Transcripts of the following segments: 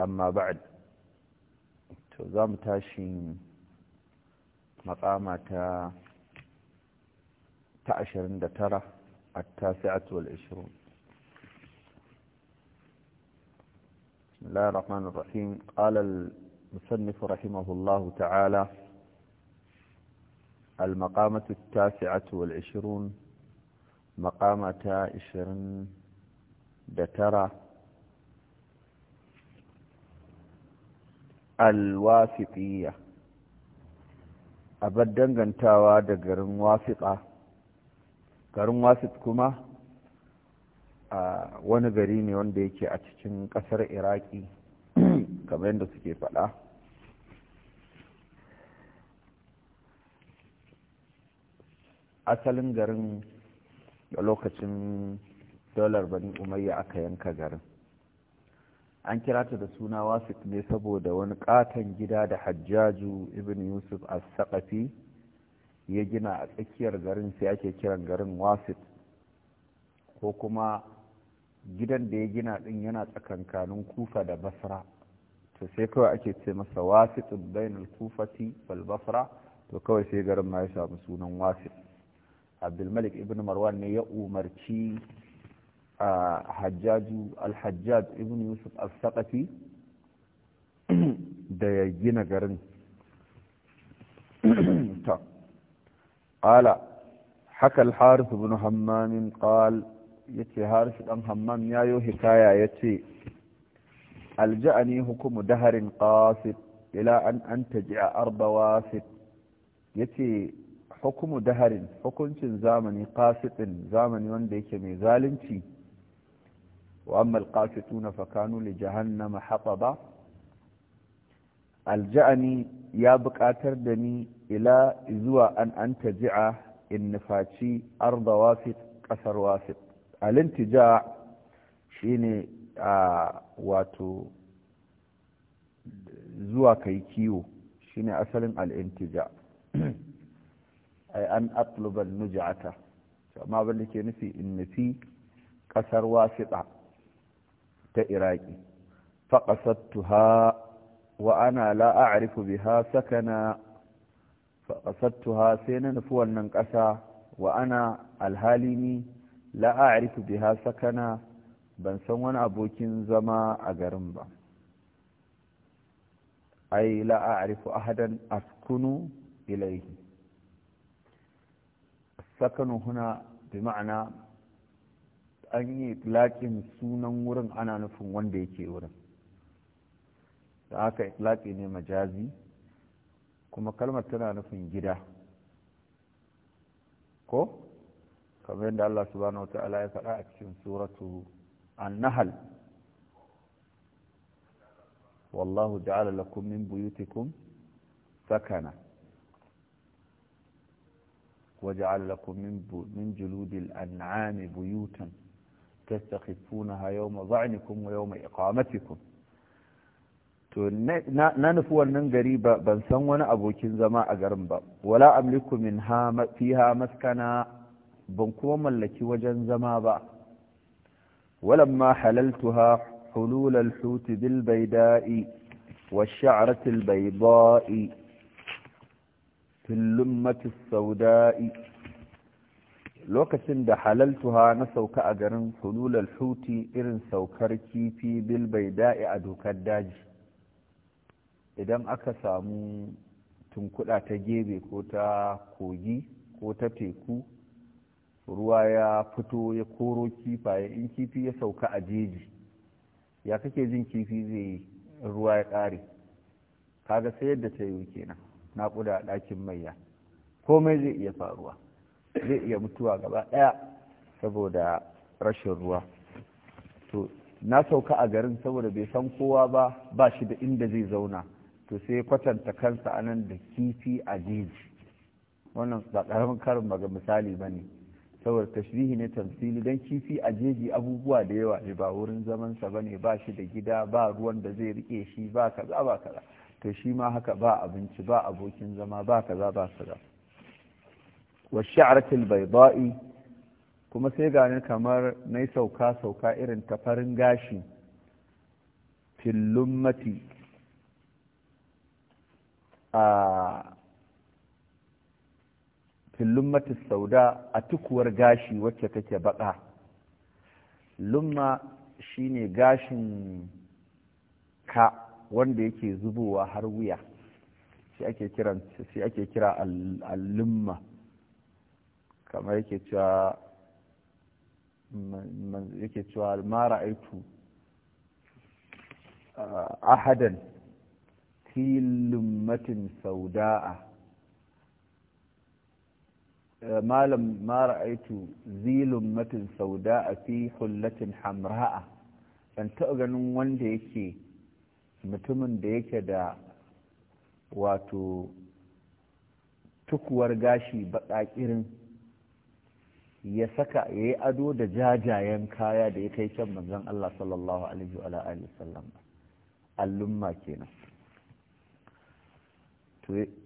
أما بعد to تاشين مقامة تأشر عند ترى التاسعة والعشرون بسم الله الرحمن الرحيم قال المصنف رحمه الله تعالى المقامة التاسعة والعشرون مقامة عشرين دترة alwafiqiyya abar dangantawa da garin wafiqa garin wafiq kuma a wani gari ne wanda yake a cikin ƙasar iraki kamar yadda suke faɗa asalin garin da lokacin dolar bani umayya aka yanka garin an kira ta da suna wasit ne saboda wani katon gida da hajjaju ibn yusuf as-saqafi ya gina a tsakiyar garin sai ake kiran garin wasit. ko kuma gidan da ya gina din yana tsakankanin kufa da basra to sai kawai ake ce masa wasit bainal kufati wal basra to kawai sai garin ma ya samu sunan wasit. abdulmalik ibn marwan ne ya umarci hajjaju al ibn yusuf al-saqafi da ya gina garin ta ala haka al-harith ibn hammam ya yace harith dan hammam yayo hikaya yace alja'ani hukumu daharin qasid ila an antaji'a arda wasit yace hukumu daharin hukuncin zamani qasidin zamani wanda yake mai zalunci وأما القاسطون فكانوا لجهنم حطبا alja'ani ya buƙatar da ni ila zuwa an an taji'a in nufaci arda wasit ƙasar wasit alintija shi ne wato zuwa kai kiwo shi ne asalin al'intija ai an atlubal nujata ke nufi in nufi ƙasar wasita ta iraki faƙasattuha wa ana la a'rifu biha sakana faƙasattuha sai na nufi wannan ƙasa wa ana alhali ni la a'rifu biha sakana ban san wani abokin zama a garin ba ai la a'rifu ahadan askunu ilaihi sakanu huna bi ma'ana an yi itlaƙin sunan wurin ana nufin wanda yake wurin da aka itlaƙi ne majazi kuma kalmar tana nufin gida ko kamar yadda Allah subhanahu wa ta'ala ya faɗa a cikin suratu annahal wallahu ja'ala lakum min buyutikum sakana وجعل لكم من, min جلود an'ami buyutan. تستخفونها يوم ظعنكم ويوم إقامتكم تو ننفو أن نقريب بنسونا أبو كنزما أقرنبا ولا أملك منها فيها مسكنا بنكوما لك وجنزما با ولما حللتها حلول الحوت بالبيداء والشعرة البيضاء في اللمة السوداء lokacin da halaltuwa na sauka a garin sululal huti irin saukar kifi bilbai da'i a dokar daji idan aka samu tunkuda ta gebe ko ta kogi ko ta teku ruwa ya fito ya koro kifaye in kifi ya sauka a jeji ya kake jin kifi zai ruwa ya ƙare kaga sai yadda ta yiwu kenan naƙuda a ɗakin mayya. komai zai iya faruwa zai iya mutuwa gaba ɗaya saboda rashin ruwa to na sauka a garin saboda bai san kowa ba ba shi da inda zai zauna to sai kwatanta kansa anan da kifi a jeji wannan ba ƙaramin karin ba ga misali ba ne saboda tashrihi ne tamsili don kifi a jeji abubuwa da yawa ne ba wurin zamansa ba ne ba shi da gida ba ruwan da zai rike shi ba kaza ba kaza to shi ma haka ba abinci ba abokin zama ba kaza ba kaza wa sha'aratul baida'i kuma sai gani kamar na sauka sauka irin tafarin farin gashi fillummati a fillummati sauda a tukuwar gashi wacce take baka lumma shine gashin ka wanda yake zubowa har wuya shi ake kira al-lumma kamar yake cewa yake cewa ma ra'aitu ah, ahadan fi sauda'a eh, malam ma ra'aitu zi lummatin sauda'a fi hullatin hamra'a ban taɓa ganin wanda yake mutumin da yake da wato tukuwar gashi baƙaƙirin ya saka ya yi ado da jajayen kaya da ya kai can manzon Allah sallallahu alaihi wa sallam allumma kenan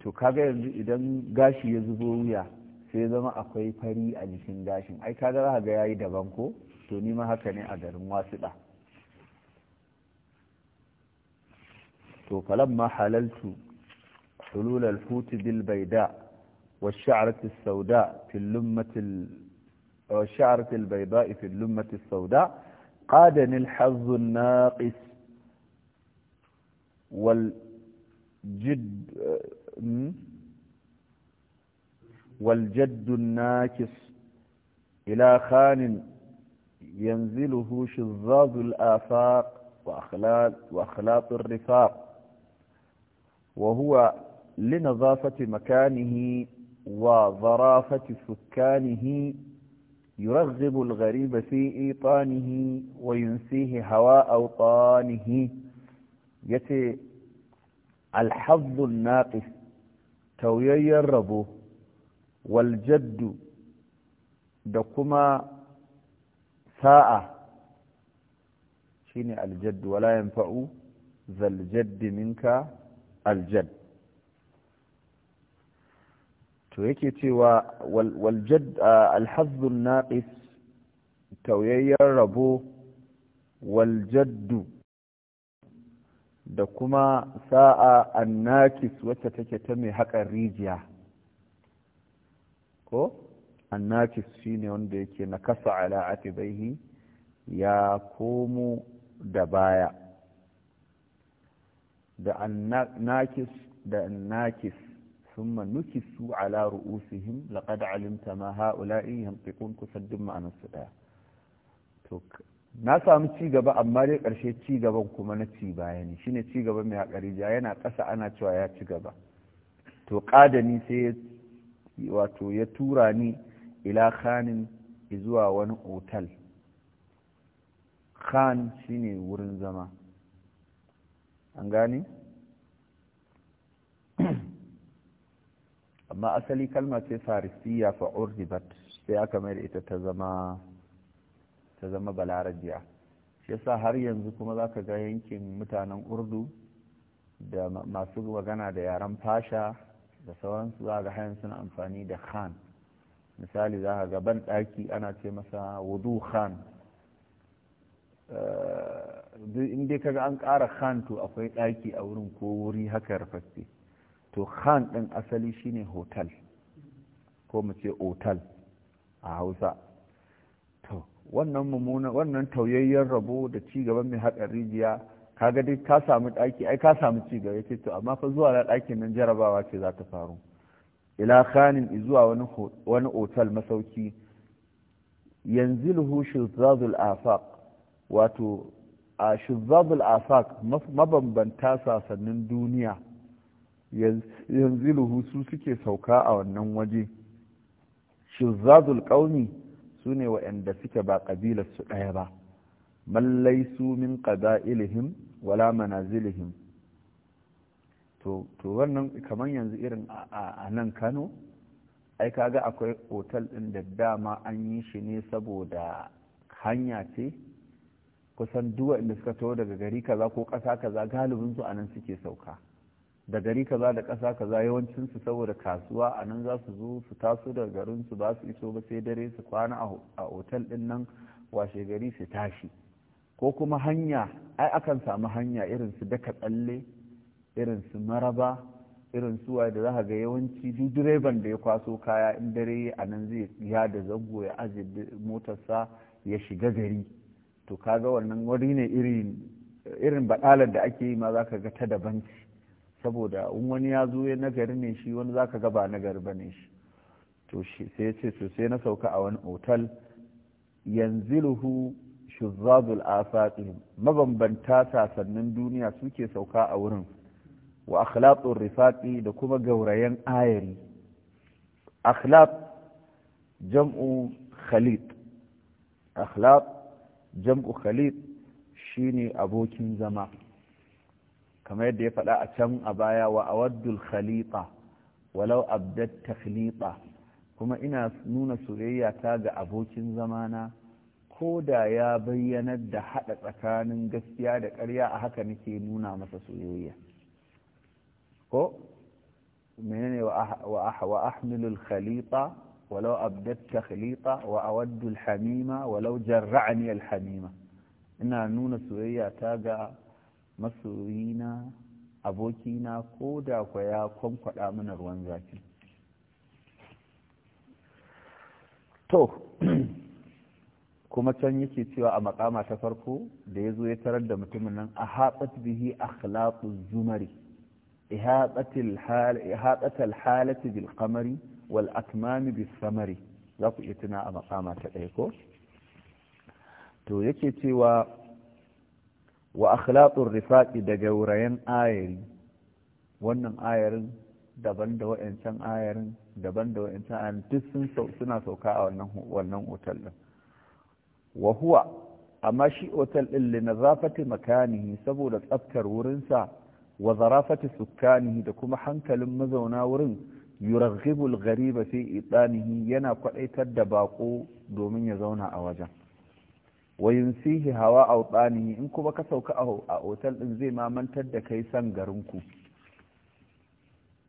to kaga yanzu idan gashi ya zubo wuya sai zama akwai fari a jikin gashin ai kaga za ga yayi daban ko to ni ma haka ne a garin wasuɗa to falamma halaltu hulul al-hut bil bayda والشعرة السوداء في اللمة والشعرة البيضاء في اللمة السوداء قادني الحظ الناقص والجد والجد الناكس إلى خان ينزله شظاظ الآفاق وأخلاط, وأخلاط الرفاق وهو لنظافة مكانه وظرافة سكانه يرغب الغريب في إيطانه وينسيه هواء أوطانه يتي الحظ الناقص تويي الربو والجد دكما ساء شيني الجد ولا ينفع ذا الجد منك الجد to yake cewa waljad alhazzun naqis tauyayyar rabo waljaddu da kuma sa'a annakis wacce take ta mai haƙar rijiya ko annakis shine wanda yake na kasa ala atibaihi ya komu da baya da annakis da annakis ثم نكسوا على رؤوسهم لقد علمت ما هؤلاء ينطقون كسد معنى الصداع na samu ci gaba amma dai ƙarshe ci gaban kuma na ci baya ne shine ci gaba mai haƙari ja yana ƙasa ana cewa ya ci gaba to ƙadani sai wato ya tura ni ila khanin zuwa wani otal khan shine wurin zama an gane amma asali kalma ce farisiya fa urdibat sai aka mai da ita ta zama ta zama balarajiya shi yasa har yanzu kuma zaka ga yankin mutanen urdu da masu magana da yaren fasha da sauransu za ga hayan suna amfani da khan misali za ka gaban ɗaki ana ce masa wudu khan eh, in dai ga an ƙara khan to akwai ɗaki a wurin ko wuri haka rufaffe to khan ɗin asali shine hotel ko mu ce otal a hausa to wannan mummuna wannan tauyayyen rabo da cigaban mai haƙar rijiya kaga dai ka samu ɗaki ai ka samu ci gaba to amma fa zuwa na ɗakin nan jarabawa ce za ta faru ila khanin zuwa wani hotel otal masauki luhu shizazul afaq wato a shizazul afaq mabambanta sasannin duniya yanzilu su suke sauka a wannan waje shuzazul ƙauni su ne waɗanda suke ba ƙabilar su ɗaya ba mallai su min ƙaza'ilihim wala manazilihim to wannan kamar yanzu irin a nan kano ai kaga akwai otal ɗin da dama an yi shi ne saboda hanya ce kusan duwa inda suka taho daga gari kaza ko ƙasa kaza galibin su a suke sauka da gari kaza da ƙasa kaza yawancin su saboda kasuwa a nan za su zo su taso da garin su ba su iso ba sai dare su kwana a otal din nan washe gari su tashi ko kuma hanya ai akan samu hanya irin su daka tsalle irin su maraba irin su da za ga yawanci duk direban da ya kwaso kaya in dare a nan zai ya da zango ya aje motarsa ya shiga gari to kaga wannan wuri ne irin irin badalar da ake yi ma za ka ga ta dabanci saboda in wani ya zo ya nagari ne shi wani zaka ga ba nagari ba ne shi to sai ce to sai na sauka a wani otal yanziluhu shuzzazul afaqi mabambanta sasannin duniya suke sauka a wurin wa akhlaqur rifaqi da kuma gaurayen ayari akhlaq jam'u khalid akhlaq jam'u khalid shine abokin zama kamar yadda ya faɗa a can a baya wa awaddul khaliqa walau abdat takhliqa kuma ina nuna soyayya ta ga abokin zamana ko da ya bayyanar da haɗa tsakanin gaskiya da ƙarya a haka nake nuna masa soyayya ko menene wa ahmilul khaliqa walau abdat takhliqa wa awaddul hamima walau jarra'ani al hamima ina nuna soyayya ta ga masoyina abokina ko da kwa ya kwankwada mana ruwan zafi to kuma can yake cewa a makama ta farko da ya zo ya tarar da mutumin nan a haɓat bihi akhlaqu zumari ihaɓatal halati bil qamari wal akmami bis samari za ku iya tuna a makama ta ɗaya ko to yake cewa wa akhlaqur rifaqi daga gaurayen ayari wannan ayarin daban da wa'ancan ayarin daban da wa'ancan ayarin duk sun suna sauka a wannan wannan otal din wa huwa amma shi otal din li nazafati makanihi saboda tsaftar wurinsa wa zarafati sukkanihi da kuma hankalin mazauna wurin yuraghibu al-ghariba fi idanihi yana kwadaitar da bako domin ya zauna a wajen wa sihi hawa autanihi in kuma ka sauka a otal ɗin zai mamantar da kai san garinku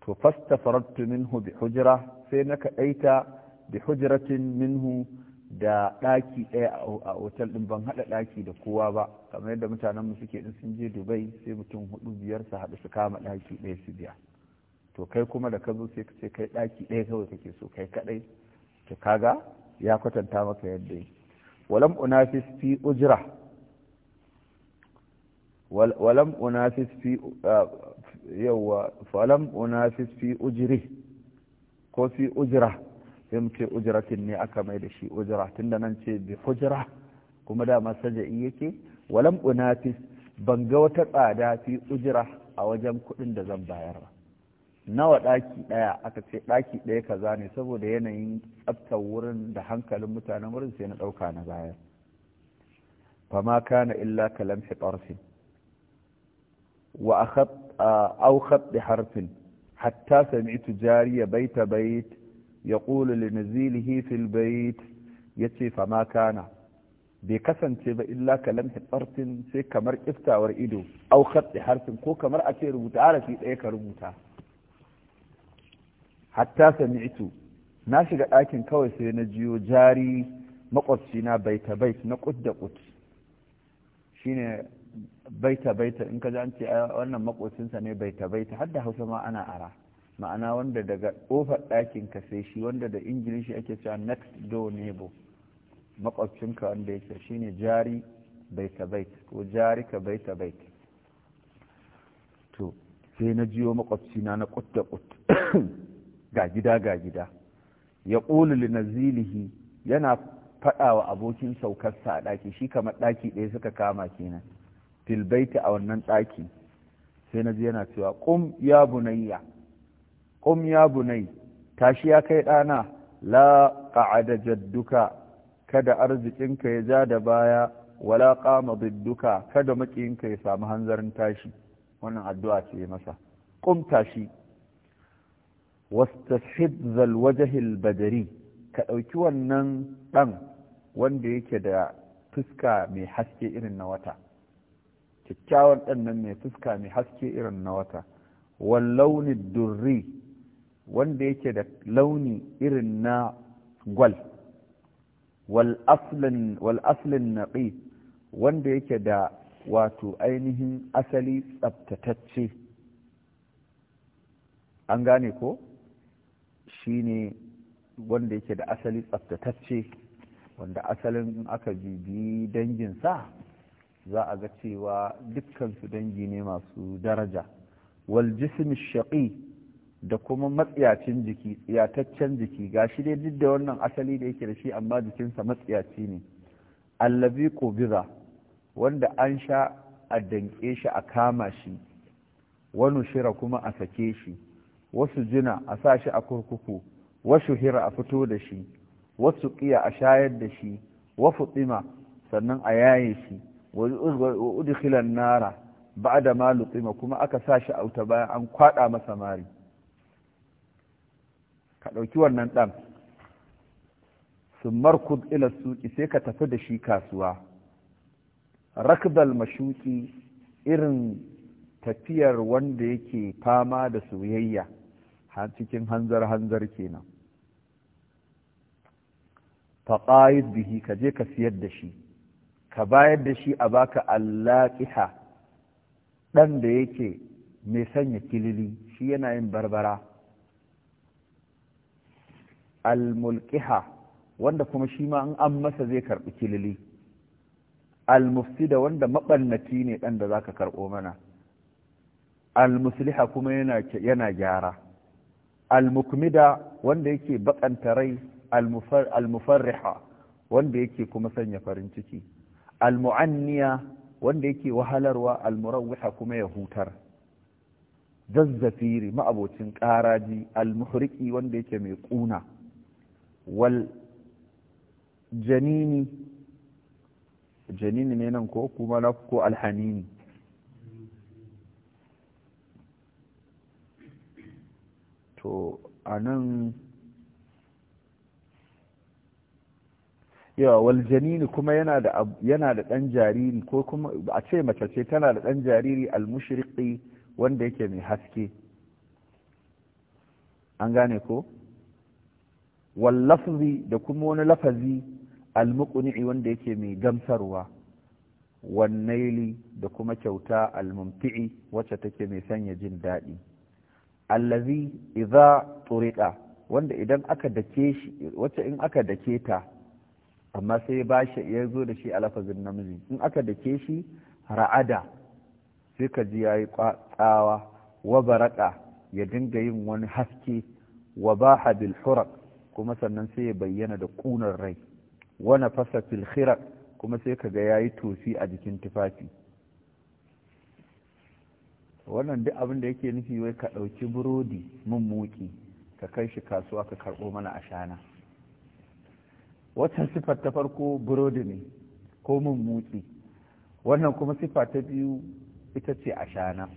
to fasta min minhu bi hujira sai na kaɗaita bi hujratin minhu da ɗaki ɗaya a otal ɗin ban haɗa ɗaki da kowa ba kamar yadda mutanen mu suke ɗin sun je dubai sai mutum huɗu biyar su haɗu su kama ɗaki ɗaya su biya to kai kuma da ka zo sai ka ce kai ɗaki ɗaya kawai kake so kai kaɗai to kaga ya kwatanta maka yadda yi ولم أنافس في أجرة ولم أنافس في آه، فلم أنافس في أجره كو في أجرة يمكن أجرة إني أكمل شيء أجرة تندن أنت بحجرة كما دا ما ولم أنافس بنجوة قادة في أجرة أو جم كل إن دزم nawa daki daya aka ce daki daya kaza ne saboda yanayin tsaftar wurin da hankalin mutanen wurin sai na dauka na baya fama kana illa kalam hitarfin wa au bi harfin hatta sami'tu jariya baita bait yaqulu li nazilihi fil bait yace fama kana bai kasance ba illa kalam hitarfin sai kamar iftawar ido au bi harfin ko kamar a ce rubuta arafi daya ka rubuta hatta sami'tu na shiga ɗakin kawai sai na jiyo jari makwabci na baita bait na kut da kut shine baita baita in ka ji an ce wannan makwabcinsa ne baita baita har da hausa ma ana ara ma'ana wanda daga kofar ɗakin ka sai shi wanda da ingilishi ake cewa next door neighbor makwabcinka wanda yake shine jari baita bait ko jari ka baita bait to sai na jiyo makwabcina na kut da kut ga gida ga gida ya ƙulu linazilihi yana faɗa wa abokin saukarsa a ɗaki shi kamar ɗaki ɗaya suka kama kenan filbaiti a wannan ɗaki sai na ji yana cewa ƙum ya bunayya ƙum ya bunai tashi ya kai ɗana la ƙa'ada jadduka kada arzikinka ya ja da baya wala ƙama bidduka kada maƙiyinka ya samu hanzarin tashi wannan addu'a ce masa ƙum tashi wastahibzal wajahil badari ka ɗauki wannan ɗan wanda yake da fuska mai haske irin na wata kyakkyawan ɗan nan mai fuska mai haske irin na wata wallaunin durri wanda yake da launi irin na gwal wal'aslin naƙi wanda yake da wato ainihin asali tsabtatacce an gane ko shine wanda yake da asali tsaftatacce wanda asalin aka bibi danginsa za a ga cewa dukkansu dangi ne masu daraja wal jismi shaqi da kuma matsiyacin jiki tsiyataccen jiki gashi dai duk da wannan asali da yake da shi amma jikinsa matsiyaci ne allazi Biza wanda an sha a danƙe shi a kama shi wani shira kuma a sake shi wasu jina a sa shi a kurkuku wasu hira a fito da shi wasu ƙiya a shayar da shi wasu tsima sannan a yaye shi wa udkhilan nara ba'da ma lutsima kuma aka sa shi auta bayan an kwada masa mari ka ɗauki wannan ɗan sun markud ila suki sai ka tafi da shi kasuwa rakbal mashuki irin tafiyar wanda yake fama da soyayya cikin hanzar hanzar kenan faqaid bihi ka je ka siyar da shi ka bayar da shi a baka allaƙiha dan da yake mai sanya kilili shi yana yin barbara Almulkiha wanda kuma shi ma an masa zai karɓi kilili almufsida wanda mabannati ne dan da ka karɓo mana almusliha kuma yana yana gyara almukmida wanda yake bakanta rai almufarriha wanda yake kuma sanya farin ciki almu'anniya wanda yake wahalarwa al kuma ya hutar zazzafiri ma'abocin ƙaraji almuhriki wanda yake mai ƙuna wal janini janini ne nan ko kuma na ko alhanini to a nan yawa waljanini kuma yana da ɗan jariri ko kuma a ce mace ce tana da ɗan jariri almushriki wanda yake mai haske an gane ko wallafzi da kuma wani lafazi almuqni'i wanda yake mai gamsarwa wannaili da kuma kyauta almumti'i wacce take mai sanya jin daɗi allazi idza turida wanda idan aka dake shi wacce in aka dake ta amma sai ba shi ya da shi a lafazin namiji in aka dake shi ra'ada sai ka ji yayi tsawa wa baraka ya dinga yin wani haske wa baha bil hurq kuma sannan sai ya bayyana da kunar rai wa nafasa fil khiraq kuma sai ka ga yayi tosi a jikin tufafi wannan duk abin da yake nufi wai ka ɗauki burodi mun muki ka kai shi kasuwa ka karɓo mana a shana wata siffar ta farko burodi ne ko mun muki wannan kuma siffa ta biyu ita ce a shana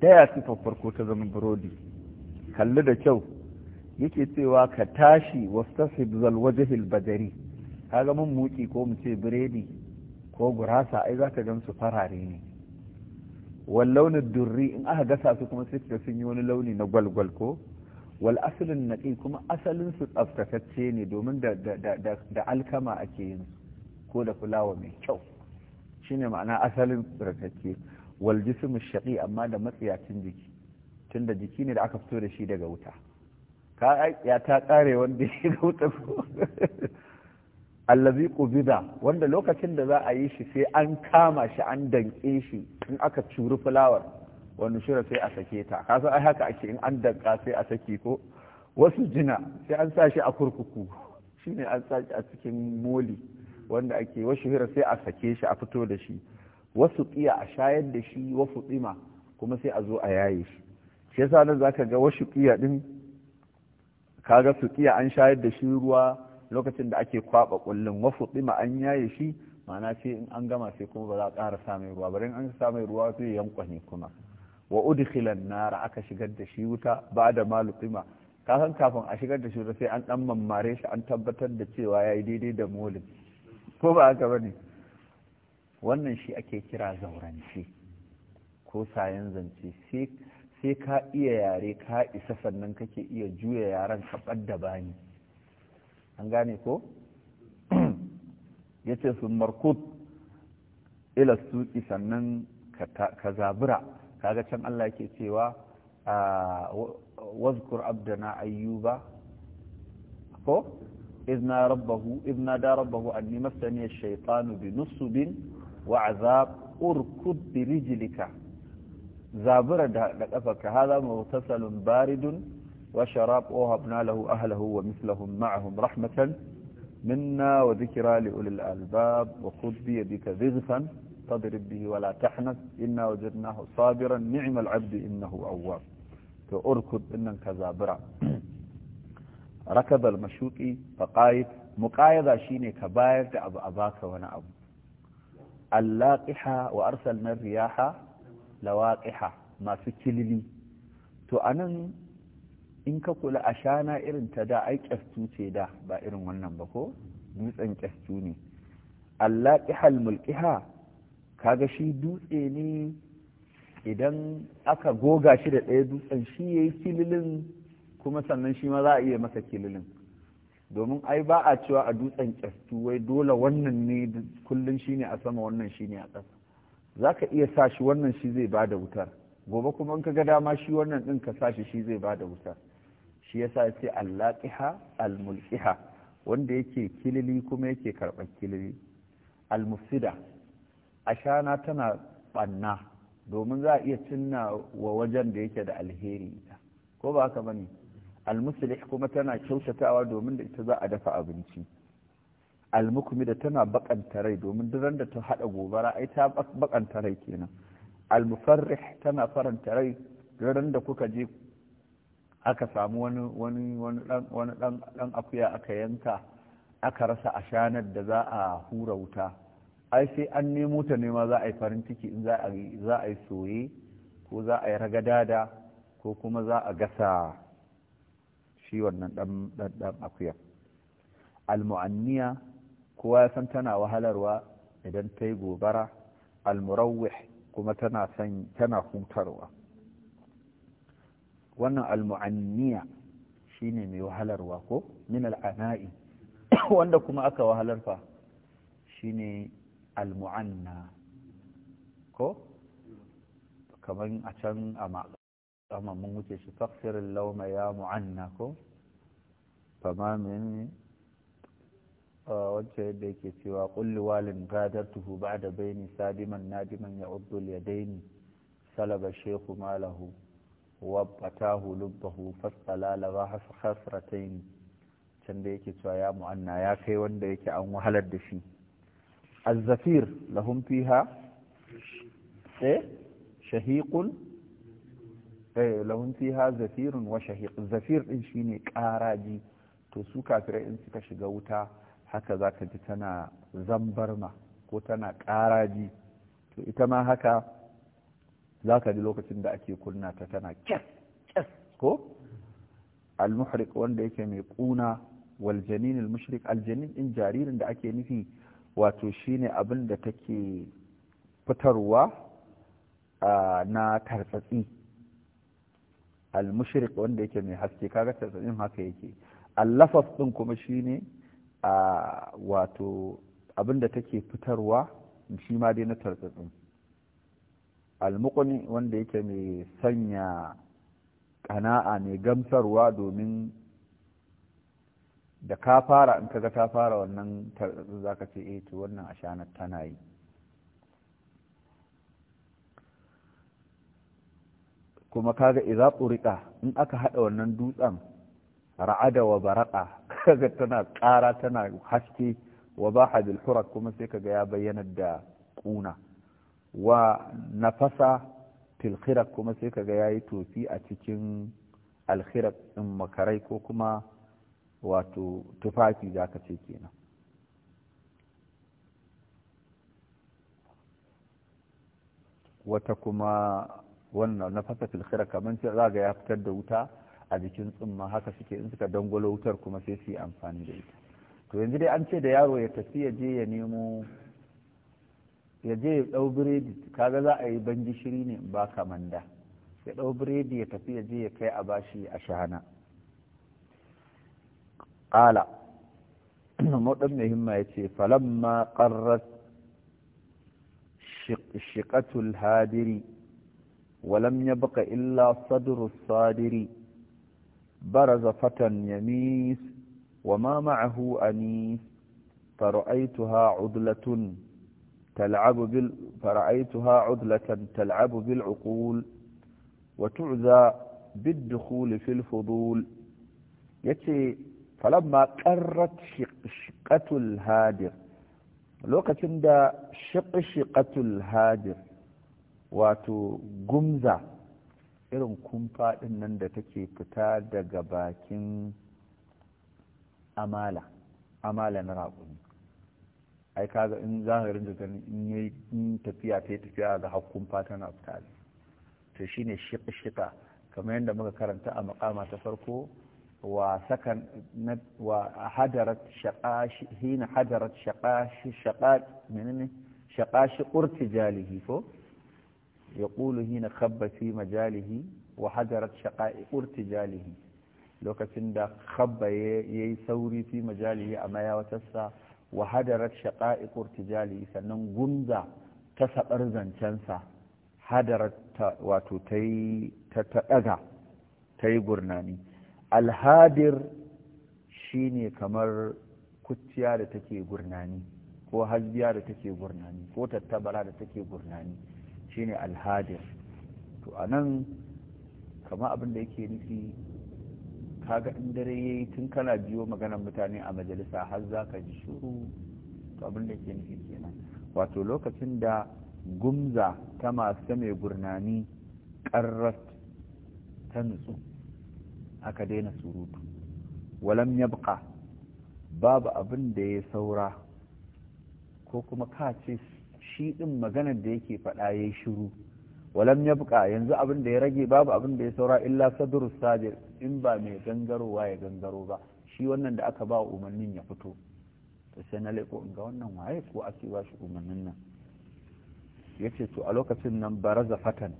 ta ya siffar farko ta zama burodi kalli da kyau yake cewa ka tashi wastasib zalwajihil badari kaga mun muki ko mu ce biredi ko gurasa ai za ka gan farare ne wal launin durri in aka gasa su kuma sifta sun yi wani launi na gwalgwal ko wal asalin naƙi kuma asalin su tsaftatacce ne domin da alkama ake yin ko da fulawa mai kyau shine ma'ana asalin tsaftatacce wal jismu shaqi amma da matsiyacin jiki tunda jiki ne da aka fito da shi daga wuta ka ya ta kare wanda ya ga wuta allazi kubida wanda lokacin da za a yi shi sai an kama shi an danke shi in aka curi fulawar wani shira sai a sake ta kasan ai haka ake in an danka sai a sake ko wasu jina sai an sa shi a kurkuku shine an sa a cikin moli wanda ake wasu hira sai a sake shi a fito da shi wasu tsiya a shayar da shi wasu tsima kuma sai a zo a yaye shi shi yasa nan zaka ga wasu tsiya din kaga su tsiya an shayar da shi ruwa lokacin da ake kwaba kullun wa ma an yaye shi mana sai in an gama sai kuma ba za a ƙara samun ruwa bari an samun ruwa zai ne kuma wa udkhilan nar aka shigar da shi wuta ba da Ka kasan kafin a shigar da shi wuta sai an dan mammare shi an tabbatar da cewa yayi daidai da molin ko ba haka bane wannan shi ake kira zaurance ko sayan zance sai ka iya yare ka isa sannan kake iya juya yaren ka da bani an gane ko ya ce sun markut ila suki sannan ka zabura kaga can Allah yake cewa ah, wazkur abdana ayyuba ko izna rabbahu izna da rabbahu anni masani ash-shaytanu bi nusbin wa azab urkud bi rijlika zabura da kafarka hada mutasalun baridun وشراب وهبنا له أهله ومثلهم معهم رحمة منا وذكرى لأولي الألباب وخذ بيدك ذغفا تضرب به ولا تحنث إنا وجدناه صابرا نعم العبد إنه أواب فأركض إنك زابرا ركض المشوقي فقايد مقايضة شيني كباير أبو أباك وانا أب اللاقحة وأرسلنا الرياح لواقحة ما في كللي تو أنا in ka kula a shana irin ta da ai kyastu ce da ba irin wannan ba ko dutsen kyastu ne Allah allaƙihal mulkiha kaga shi dutse ne idan aka goga shi da ɗaya dutsen shi ya yi kililin kuma sannan shi ma za a iya masa kililin domin ai ba a cewa a dutsen kyastu wai dole wannan ne kullum shi ne a sama wannan shi ne a ƙasa za ka iya sa shi wannan shi zai ba da wutar gobe kuma in ka ga dama shi wannan ɗin ka sa shi shi zai ba da wutar shi yasa ya ce allaqiha almulqiha wanda yake kilili kuma yake karban kilili almufsida ashana tana ɓanna domin za a iya cinna wa wajen da yake da alheri ita ko ba haka bane almuslih kuma tana kyautatawa domin da ita za a dafa abinci almukmida tana bakanta rai domin duran da ta hada gobara ai ta bakanta rai kenan almufarrih tana faranta rai duran da kuka je aka samu wani wani wani wani dan akuya aka yanka aka rasa ashanar da za a hura wuta ai sai an nemo ta nema ma za a yi farin ciki in za a za a yi soye ko za a yi ragadada ko kuma za a gasa shi wannan dan dan dan akuya almu'anniya kowa ya san tana wahalarwa idan ta yi gobara almurawwih kuma tana son tana hutarwa wannan almu'anniya shine mai wahalarwa ko min al'ana'i wanda kuma aka wahalar fa shine almu'anna ko kamar a can a mun wuce shi tafsirin lauma ya mu'anna ko fama wacce yadda yake cewa kulli walin gadartuhu ba'da baini sadiman nadiman ya uddul yadaini salaba shehu malahu wabbatahu lubbahu fassalala ba hasratain can da yake cewa ya mu'anna ya kai wanda yake an wahalar da shi azzafir lahum fiha eh eh lahum fiha zafirun wa shahiq zafir din shine ƙaraji. to su kafirai in suka shiga wuta haka zaka ji tana zambarma ko tana ƙaraji? to ita ma haka za ka ji lokacin da ake kunna ta tana kyas kyas ko al wanda yake mai kuna wal janin al-mushrik al-janin din jaririn da ake nufi wato shine abin da take fitarwa na tartsatsi al wanda yake mai haske kaga tartsatsin haka yake al-lafaz din kuma shine wato abin da take fitarwa shi ma dai na tartsatsin almuqni wanda yake mai sanya kana'a mai gamsarwa domin da ka fara in kaga ta fara wannan za ka ce eh to wannan ashanar tana yi kuma kaga idza ƙuriƙa in aka hada wannan dutsen ra'ada wa baraka kaga tana ƙara tana haske wa baha kuma sai kaga ya bayyana da ƙuna. wa nafasa filkhirak kuma sai kaga ya yi tofi a cikin alkhirak ɗin makarai ko kuma wato tufafi za ka ce kenan wata kuma wannan nafasa filkhirak kamar za ga ya fitar da wuta a jikin tsumma haka suke in suka dangwalo wutar kuma sai su yi amfani da ita to yanzu dai an ce da yaro ya tafi ya je ya nemo ya je ya ɗau biredi kaga za a yi ban gishiri ne ba ka manda ya ɗau biredi ya tafi ya je ya kai a bashi a shahana ƙala maɗan mai himma ya ce falamma ƙarrat shiƙatul hadiri walam ya baka illa sadru sadiri برز فتى يميس وما معه أنيس فرأيتها عدلة تلعب بال فرأيتها عذلة تلعب بالعقول وتعزى بالدخول في الفضول يتي فلما قرت شقة الهادر لوكا تندى شق شقة الهادر واتو قمزة إرن كمبا إنن دا تكي بتا دا قباكين أمالة أمالة نراغوني ai kaga in zahirin ka gani in yayi tafiya ta yi tafiya ga hakkun fata na abtali to shine shiqa shiqa kamar yadda muka karanta a makama ta farko wa sakan wa hadarat shaqa hina hadarat shaqa shaqa menene shaqa shi jalihi ko yaqulu hina khabba fi majalihi wa hadarat shaqa jalihi lokacin da khabba yayi sauri fi majalihi a mayawatarsa wa hadarat shaqa'iqur tijali sannan gunza ta sabar zancensa hadarat wato ta ta daga tai yi gurnani alhadir shine kamar kuciya da take gurnani ko hasbiya da take gurnani ko tattabara da take gurnani shine alhadir to anan kamar abin da yake nufi kaga in dare yayi tun kana biyo maganar mutane a majalisa har za ka ji shuru to abin da ke nufi kenan wato lokacin da gumza ta masu mai gurnani karras ta nutsu aka daina surutu walam yabqa babu abin da ya saura ko kuma ka ce shi din maganar da yake faɗa ya yi shiru walam yabqa yanzu abin da ya rage babu abin da ya saura illa sadrus sajir in ba mai gangarowa ya gangaro ba shi wannan da aka ba wa umarnin ya fito Ta sai na laiko in ga wannan waye ko ake ba shi umarnin nan ya ce to a lokacin nan baraza fatan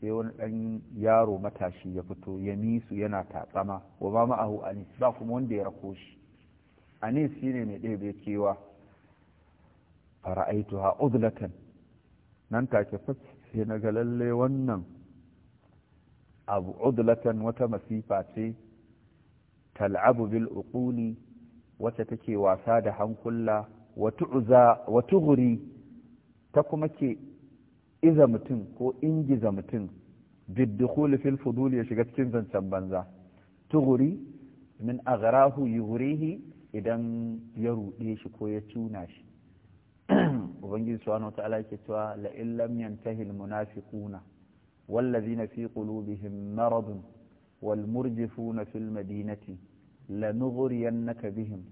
sai wani ɗan yaro matashi ya fito ya nisu yana tatsama wa ba ma'ahu anis ba kuma wanda ya rako shi anis shine mai ɗaya kewa fara'aituha udlatan nan take fa sai na ga lalle wannan abu udlatan wata masifa ce tal'abu bil uquli wacce take wasa da hankula wa tughri ta kuma ke iza mutum ko ingiza mutum biddukhul fil fudul ya shiga cikin zancen banza tuguri min agrahu yughrihi idan ya ruɗe shi ko ya tuna shi ubangiji subhanahu wa ta'ala yake cewa la illam yantahi al munafiquna والذين في قلوبهم مرض والمرجفون في المدينة لنغرينك بهم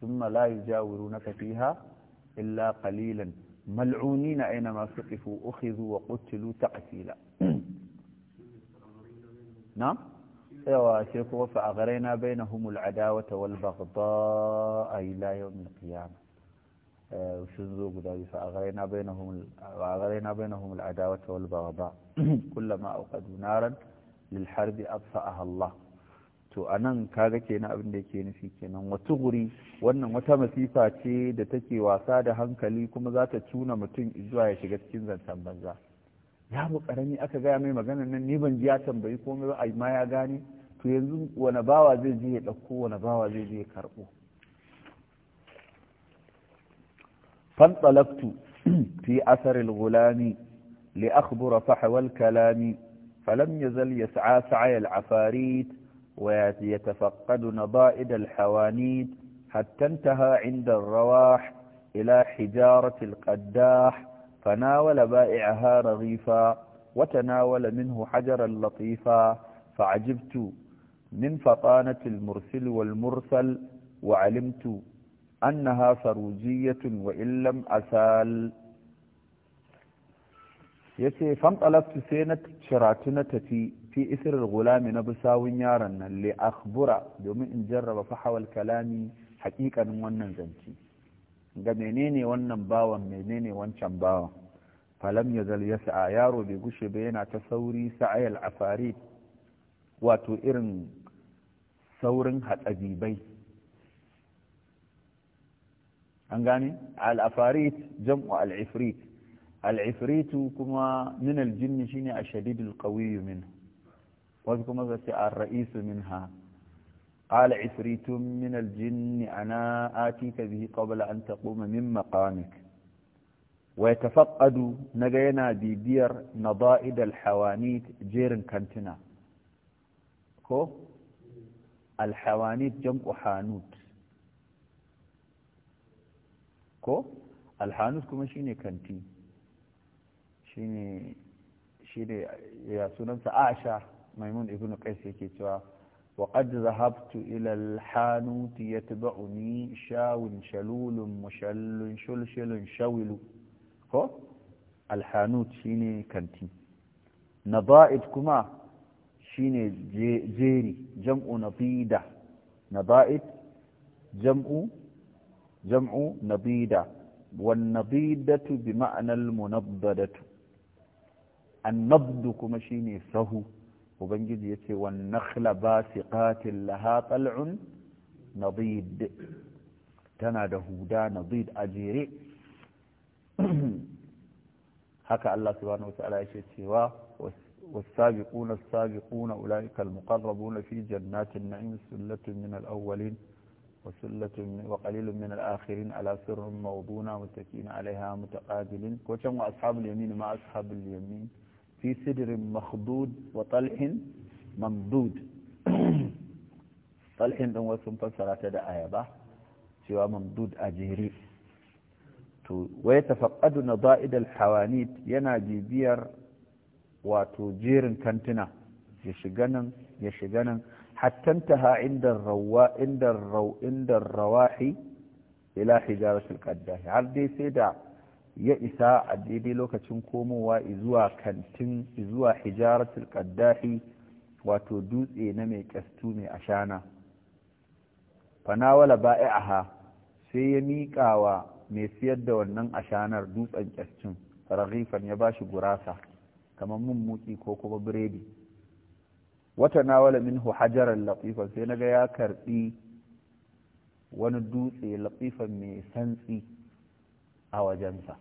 ثم لا يجاورونك فيها إلا قليلا ملعونين أينما ثقفوا أخذوا وقتلوا تقتيلا نعم ايوا شيخ وفأغرينا بينهم العداوة والبغضاء إلى يوم القيامة sun zo guda biyu humul bainahum al'adawata wal baghdha kullama awqadu naran lil harbi a Allah to a nan kaga kenan abin da yake nufi kenan wata guri wannan wata masifa ce da take wasa da hankali kuma za ta tuna mutum zuwa ya shiga cikin zancen banza mu karami aka gaya mai maganar nan ni ban ji ya tambayi komai ba ma ya gane to yanzu wani bawa zai je ya ɗauko wani bawa zai je ya karɓo فانطلقت في أثر الغلام لأخبر صحو الكلام فلم يزل يسعى سعي العفاريت ويتفقد نضائد الحوانيت حتى انتهى عند الرواح إلى حجارة القداح فناول بائعها رغيفا وتناول منه حجرا لطيفا فعجبت من فطانة المرسل والمرسل وعلمت أنها سروجية وإن لم أسال yace fanqalabtu sai na ciratu na tafi fi israr gulami na bisawun yaron nan li akhbura domin in jarraba fahawal kalami haƙiƙanin wannan zance ga menene wannan bawan menene wancan bawan falam ya zal yasa yaro bai gushe ba yana ta sauri sa'ayal afari wato irin saurin hatsabibai هنغاني على الأفاريت جمع العفريت العفريت كما من الجن شيني الشديد القوي منه وذكما بس الرئيس منها قال عفريت من الجن أنا آتيك به قبل أن تقوم من مقامك ويتفقد نجينا بدير نضائد الحوانيت جيرن كنتنا كو الحوانيت جمع حانوت ko alhanus kuma shine kanti shine shine ya sunansa Aisha Maimun ibn Qais yake cewa wa qad zahabtu ila alhanut yatba'uni shawun shalulun mushallun shulshulun shawilu ko alhanut shine kanti naba'id kuma shine jeri jam'u nafida nada'id jam'u جمع نبيدة والنضيدة بمعنى المنضدة النضد كمشيني سهو وبنجد يتي والنخل باسقات لها طلع نضيد تنا دهودا نضيد أجيري هكا الله سبحانه وتعالى ta'ala والسابقون السابقون أولئك المقربون في جنات النعيم سلة من الأولين وسلة وقليل من الآخرين على سر موضونة متكئين عليها متقابلين وكم وأصحاب اليمين مع أصحاب اليمين في سدر مخضود وطلح ممدود طلح دون وسم فسرة دعاية با سوى ممدود أجيري ويتفقد نضائد الحوانيت ينا بيبير وتجير كنتنا يشغنن يشغنن hatta intaha inda rawa inda raw inda rawahi har dai sai da ya isa a daidai lokacin komowa zuwa kantin zuwa hijaratul qaddahi wato dutse na mai kyastu mai ashana fanawala aha sai ya miƙa wa mai siyar da wannan ashanar dutsen kyastin raghifan ya ba shi gurasa kamar mun muki ko kuma biredi wata nawala minhu hajaran latifan sai naga ya karbi wani dutse latifan mai santsi a wajensa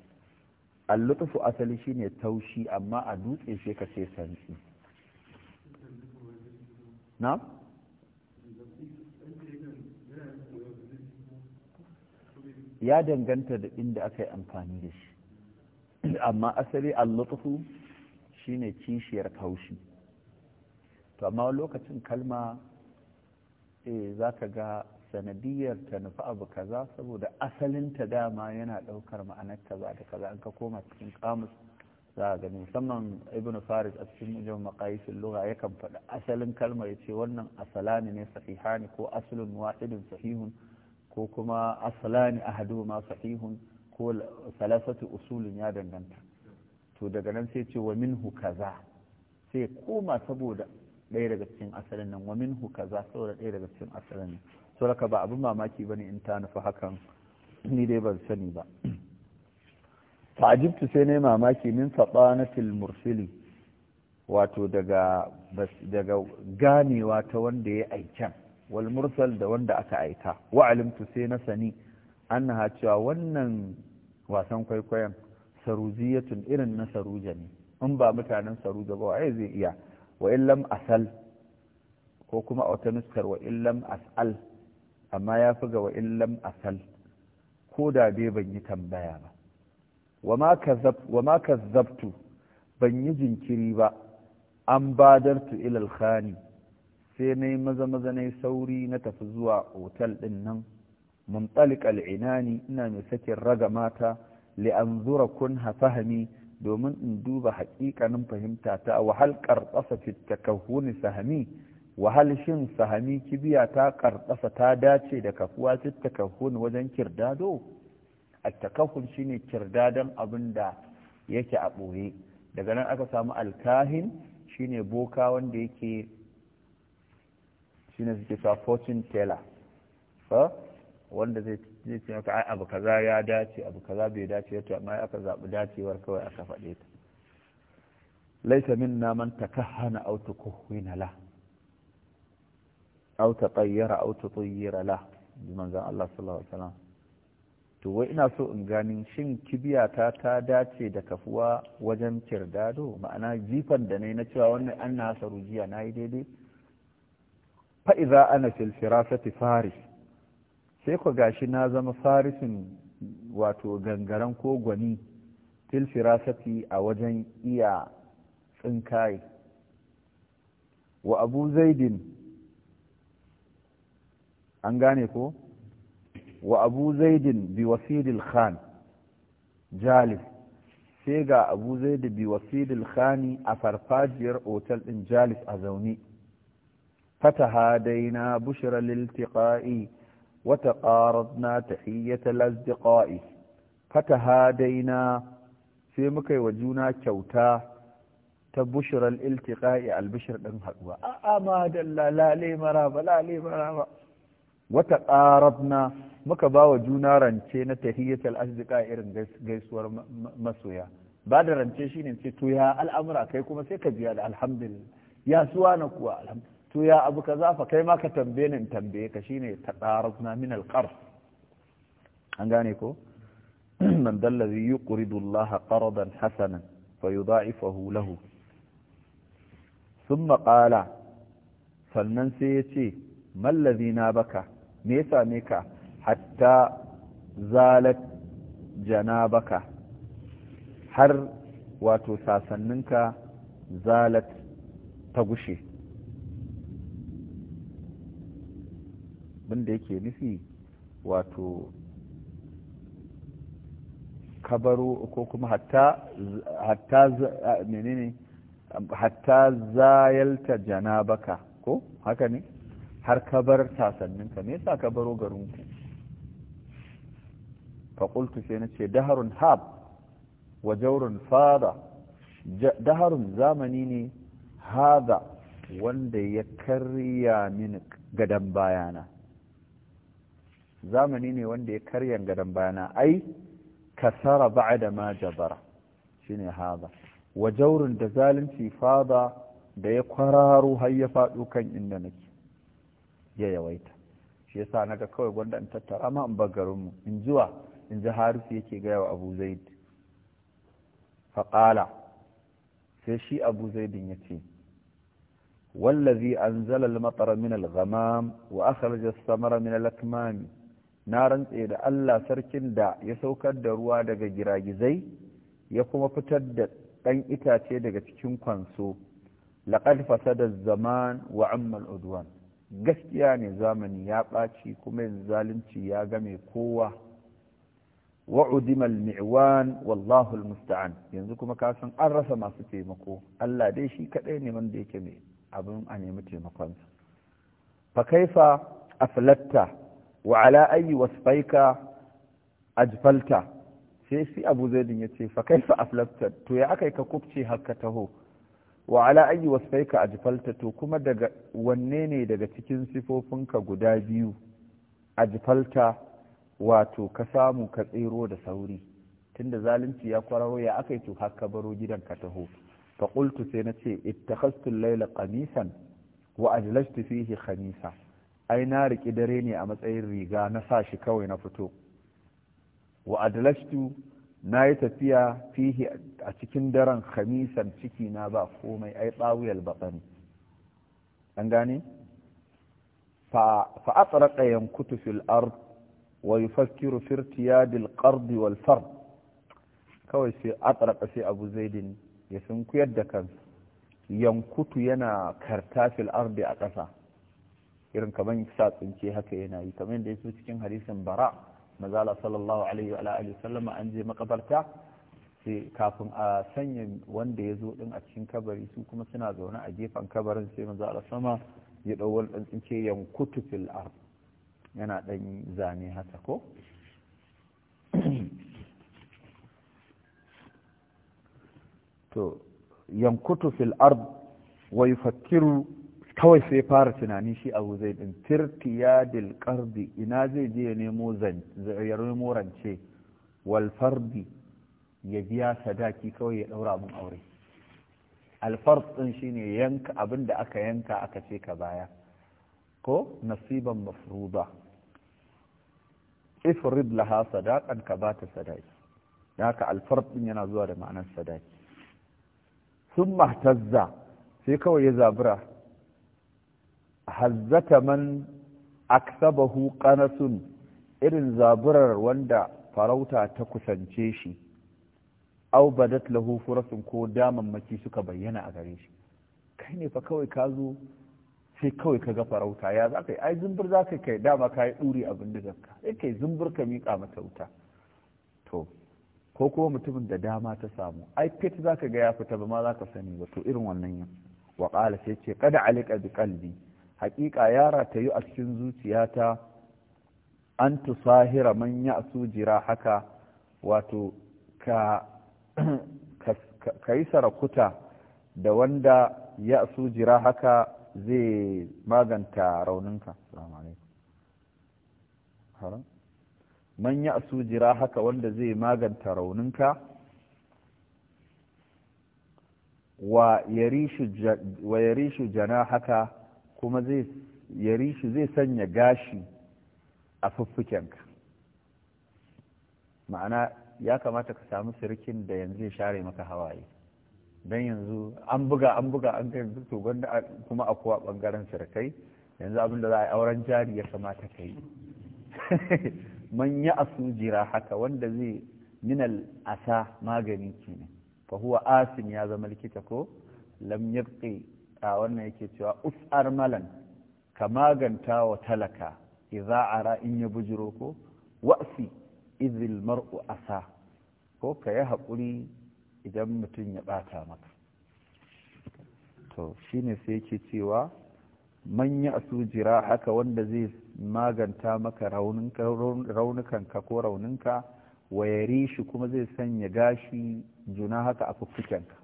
allutufu asali shine taushi amma a dutse sai ka ce santsi na? ya danganta da inda aka yi amfani da shi amma asali allutufu shine kishiyar taushi to amma lokacin kalma e za ka ga sanadiyar ta nufi abu kaza saboda asalinta dama yana ɗaukar ma'anar kaza da kaza an ka koma cikin kamus za a gani musamman ibn faris a cikin mujan makayisin lura yakan faɗi asalin kalmar ya ce wannan asalani ne sahihani ko asalin wahidin sahihun ko kuma asalani ahadu ma sahihun ko salasatu usulin ya danganta to daga nan sai ce wa minhu kaza sai koma saboda ɗaya daga cikin asalin nan wa minhu kaza saboda ɗaya daga cikin asalin nan raka ba abin mamaki bane in ta nufi hakan ni dai ban sani ba fa'ajibtu sai ne mamaki min sabanatil mursili wato daga daga ganewa ta wanda ya aikan wal mursal da wanda aka aika wa alimtu sai na sani annaha cewa wannan wasan kwaikwayon saruziyatun irin na saruja ne in ba mutanen saruja ba ai zai iya wa asal ko kuma a wata nuskar wa illam as'al amma ya fi ga wa asal ko da bai ban yi tambaya ba wa ma kazzabtu ban yi jinkiri ba an badartu ilal khani sai na yi maza-maza na sauri na tafi zuwa otal ɗin nan mumtalik al'inani ina mai sakin raga mata li'anzura kun fahimi domin in duba haƙiƙanin fahimta ta wahal ƙarƙasa fitakahuni sahami wahal shin sahami kibiya ta ƙarƙasa ta dace da kafuwa fitakahuni wajen kirdado shi shine kirdadon abin da yake a ɓoye daga nan aka samu alkahin shine boka wanda yake ne suke sa fortune teller wanda zai ce maka ai abu kaza ya dace abu kaza bai dace to amma aka zaɓi dacewar kawai aka faɗe ta laisa minna man takahhana aw tukuhhina la aw tatayyara aw tutayyira la bi manzon Allah sallallahu alaihi wasallam to wai ina so in ganin shin kibiyata ta dace da kafuwa wajen kirdado ma'ana jifan da nayi na cewa wannan an na hasaru jiya nayi daidai fa idza ana fil firasati farish sai ku gashi na zama farisin wato gangaren ko gwani fil firasati a wajen iya tsinkaye wa abu zaidin an gane ko wa abu zaidin bi wasidil khan jalis sai ga abu zaidi bi wasidil khani a farfajiyar otal ɗin jalis a zaune fataha daina bushra liltiqa'i وتقارضنا تحية الأصدقاء فتهادينا sai muka yi wa juna kyauta ta bushirar iltiƙa'i albishir ɗin haɗuwa a'a ma dalla lale maraba lale maraba wata ƙarabna muka ba wa juna rance na tahiyyatul asdiqa irin gaisuwar masoya ba da rance shine ce to ya al'amura kai kuma sai ka biya da alhamdulillah ya suwa na kuwa alhamdulillah to ya abu zafa kai ma ka tambaye ni in tambaye ka shine tadarabna min alqarf an gane ko man dallazi yuqridu Allah qaradan hasanan fayudha'ifahu lahu thumma qala sannan sai yace mallazi na baka me ya same ka hatta zalat janabaka har wato sasanninka zalat ta gushe abinda yake nufi wato kabaru ko kuma hatta menene hatta zayalta janabaka ko haka ne har ka bar tasanninka me yasa kabaro garinku fa qultu sai nace daharun hab wa jawrun fada daharun zamani ne hada wanda ya karya mini gadon bayana zamani ne wanda ya karya gadon bayana ai kasara ba'da ma jabara shine haza wa jawrun da zalunci fada da ya kwararo har ya faɗo kan inda nake ya yawaita shi yasa ga kawai gwanda in tattara ma in bagarin garinmu. in zuwa in ji harisu yake gaya wa abu zaid faƙala sai shi abu zaidin ya ce wallazi an zalal matsara min al-ghamam wa akhraja samara min al-akmami na rantse da Allah sarkin da ya saukar da ruwa daga giragizai ya kuma fitar da ɗan itace daga cikin kwanso laƙad fasada zaman wa ammal udwan gaskiya ne zamani ya ɓaci kuma yanzu zalunci ya game kowa wa udimal mi'wan wallahu almusta'an yanzu kuma ka san an rasa masu taimako Allah dai shi kaɗai ne wanda yake mai abin a nemi taimakonsa fa kaifa aflatta wa ala ayi wasfaika ajfalta sai shi abu zaidin ya ce fa kaifa to ya aka ka kubce haka taho wa ala ayi wasfaika ajfalta to kuma daga wanne ne daga cikin sifofinka guda biyu ajfalta wato ka samu ka tsero da sauri tunda zalunci ya kwararo ya aka yi haka baro gidan ka taho fa qultu sai na ce ittakhadtu al-layla qamisan wa ajlajtu fihi khamisa ai na riƙi dare ne a matsayin riga na sa shi kawai na fito wa adlashtu na yi tafiya fihi a cikin daren khamisan ciki na ba komai ai tsawiyal batsani an gane fa atsaraka yankutu fil ard wa yufakkiru fi qard wal fard kawai sai atsaraka sai abu zaidin ya sunkuyar da kansa yankutu yana karta fil a ƙasa irin kaman sa tsince haka yana yi kamar yadda ya cikin hadisin bara mazala sallallahu alaihi wa alihi sallama an je makabarta sai kafin a sanya wanda ya zo din a cikin kabari su kuma suna zaune a gefen kabarin sai mazala sama ya dau wani dan tsince yankutu kutufil ard yana dan zane haka ko to yankutu kutufil ard wa yufakkiru kawai sai fara tunanin shi abu zai din Tirti ya qardi ina zai je ya nemo ya rance wal ya biya sadaki kawai ya daura abin aure Alfarb din shine yanka abin da aka yanka aka ce ka baya ko nasiban mafruda ifrid laha sadakan ka bata sadaki haka al din yana zuwa da ma'anar sadaki sun mahtazza sai kawai ya zabura hazzata man aksabahu qanasun irin zaburar wanda farauta ta kusance shi au badat lahu furasun ko damammaki suka bayyana a gare shi kai ne fa kawai ka zo sai kawai ka ga farauta ya za ka yi ai zumbur za ka kai dama ka yi ɗuri a ka. sai kai zumbur ka miƙa mata wuta to ko kuma mutumin da dama ta samu ai fit za ka ga ya fita ba ma za ka sani ba to irin wannan yin wa sai ce kada alika bi kalbi haƙiƙa yara ta yi a cikin zuciyata an tusahira man ya su jira haka wato ka ka yi sarakuta da wanda ya su jira haka zai maganta rauninka man ya su jira haka wanda zai maganta rauninka wa yarishu jana haka kuma zai yari shi zai sanya gashi a fuffuken ka. ma'ana ya kamata ka samu sirkin da yanzu ya share maka hawaye don yanzu an buga an buga an ga yanzu to gwanda kuma a kowa bangaren sirkai yanzu abin da za a yi auren jari ya kamata ka yi man ya asu jira haka wanda zai minal asa magani kenan fa huwa asim ya zama likita ko lam yabqi a wannan yake cewa us'ar malan ka maganta wa talaka idza ara in ya bujiro ko wa'si izil mar'u asa ko ka yi haƙuri idan mutum ya ɓata maka to shine sai yake cewa man ya asu jira haka wanda zai maganta maka raunukanka ko rauninka wa ya shi kuma zai sanya gashi juna haka a fuffukenka